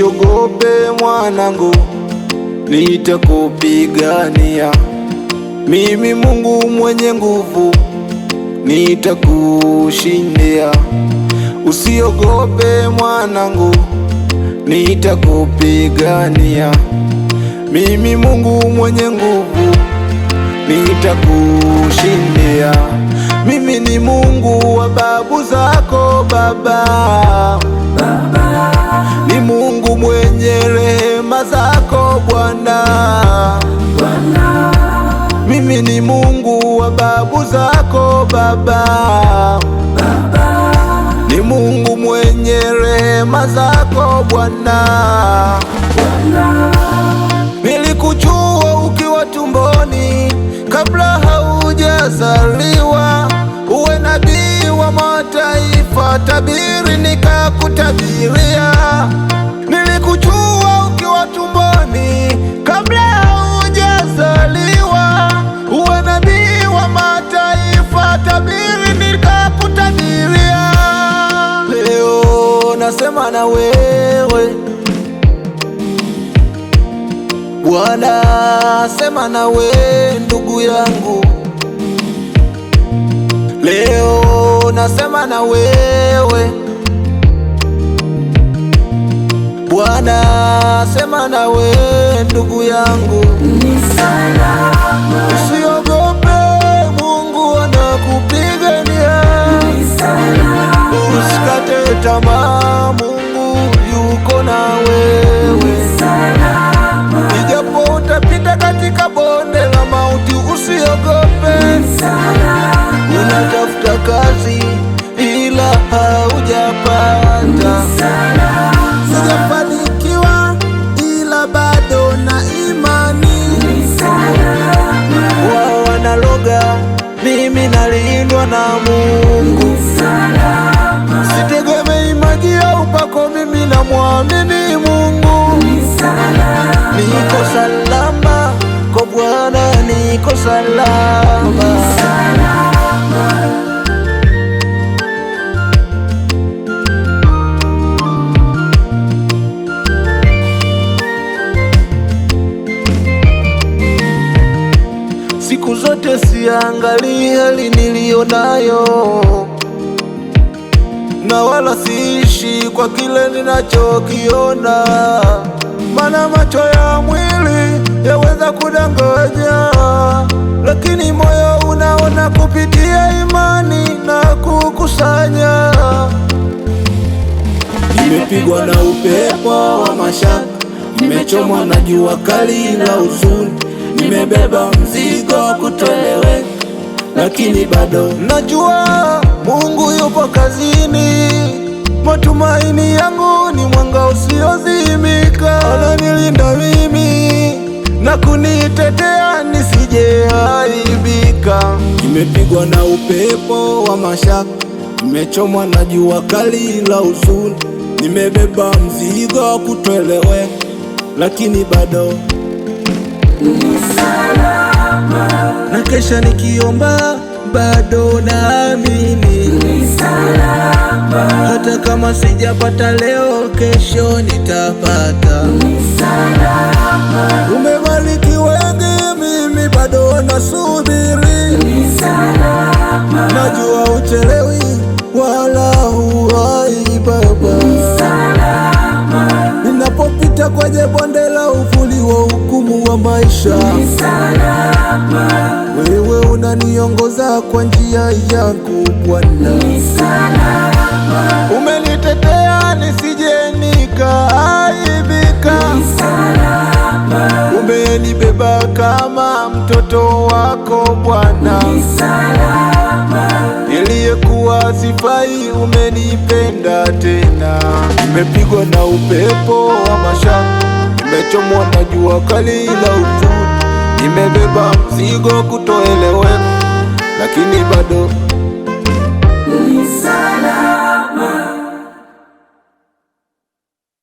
Usiogope mwanangu, nitakupigania mimi, Mungu mwenye nguvu, nitakushindia. Usiogope mwanangu, nitakupigania mimi, Mungu mwenye nguvu, nitakushindia. Mimi ni Mungu wa babu zako baba, baba zako Bwana. mimi ni Mungu wa babu zako Baba, Baba, ni Mungu mwenye rehema zako Bwana. Bwana, nilikuchua ukiwa tumboni kabla haujazaliwa, uwe nabii wa mataifa, tabiri nikakutabiria na wewe Bwana, sema na wewe ndugu yangu, leo nasema na wewe Bwana, sema na wewe ndugu yangu, ni salama mimi nalindwa na Mungu, sitegemei maji au pako, mimi namwamini Mungu. Niko salama kwa Bwana, niko salama siku zote siangalii hali nayo na wala siishi kwa kile ninachokiona, maana macho ya mwili yaweza kudanganya, lakini moyo unaona kupitia imani na kukusanya. Nimepigwa na upepo wa mashaka, nimechomwa na jua kali la huzuni nimebeba mzigo kutolewe, lakini bado najua Mungu yupo kazini. Matumaini yangu ni mwanga usiozimika, ananilinda mimi na kunitetea nisijeaibika. Nimepigwa na upepo wa mashaka, nimechomwa na jua kali la huzuni, nimebeba mzigo wa lakini bado na kesha nikiomba bado naamini hata kama sijapata leo, kesho nitapata. maisha Wewe unaniongoza kwa njia yako Bwana, ni Umenitetea nisije nikaaibika, Umenibeba kama mtoto wako Bwana, ni Niliyekuwa sifai umenipenda tena, nimepigwa na upepo wa mashaka Nimechomwa na jua kali la uchungu, nimebeba mzigo kutoeleweka, lakini bado